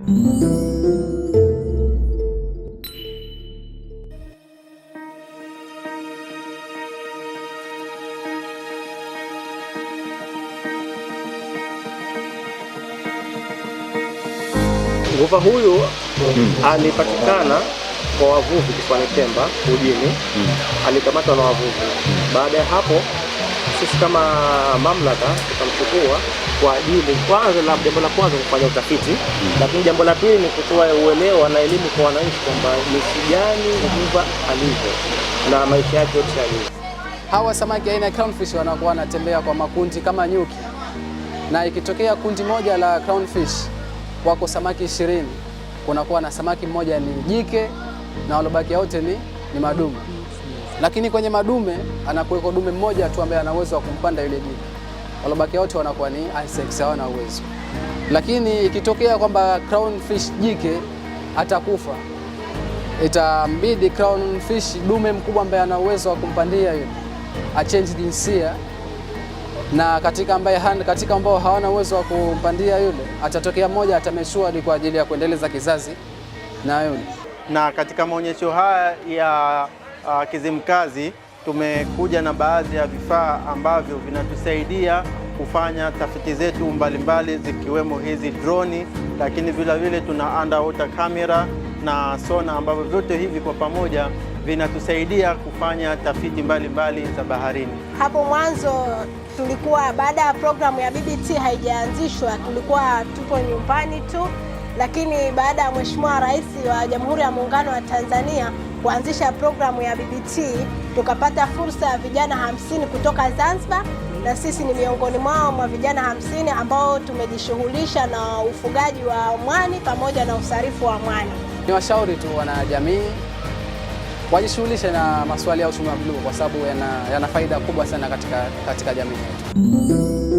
Nguva huyu mm. alipatikana kwa wavuvi kisiwani Pemba ujini mm. alikamatwa na wavuvi. Hmm. Baada ya hapo sisi kama mamlaka tutamchukua kwa ajili kwanza, la jambo la kwanza kufanya utafiti, hmm. lakini jambo la pili ni kutoa uelewa na elimu kwa wananchi kwamba jinsi gani uvuva alivyo na maisha yake yote yalivyo. Hawa samaki aina ya clownfish wanakuwa wanatembea kwa makundi kama nyuki, na ikitokea kundi moja la clownfish wako samaki ishirini, kunakuwa na samaki mmoja ni jike na walobakia wote ni, ni madumu lakini kwenye madume anakuweko dume mmoja tu ambaye ana uwezo wa kumpanda yule jike, walobaki wote wanakuwa ni asex, hawana uwezo. Lakini ikitokea kwamba fish jike atakufa, itambidi fish dume mkubwa ambaye ana uwezo wa kumpandia yule achange jinsia, na katika ambaye katika ambao hawana uwezo wa kumpandia yule atatokea mmoja atameshua kwa ajili ya kuendeleza kizazi na yule. Na katika maonyesho haya ya uh, Kizimkazi tumekuja na baadhi ya vifaa ambavyo vinatusaidia kufanya tafiti zetu mbalimbali zikiwemo hizi droni, lakini vile vile tuna underwater camera na sona ambavyo vyote hivi kwa pamoja vinatusaidia kufanya tafiti mbalimbali za baharini. Hapo mwanzo tulikuwa, baada ya programu ya BBT haijaanzishwa, tulikuwa tupo nyumbani tu, lakini baada ya Mheshimiwa Rais wa Jamhuri ya Muungano wa Tanzania kuanzisha programu ya BBT, tukapata fursa ya vijana hamsini kutoka Zanzibar na sisi ni miongoni mwao mwa vijana hamsini ambao tumejishughulisha na ufugaji wa mwani pamoja na usarifu wa mwani. Ni washauri tu wanajamii wajishughulishe na masuala ya uchumi wa bluu kwa sababu yana, yana faida kubwa sana katika, katika jamii yetu.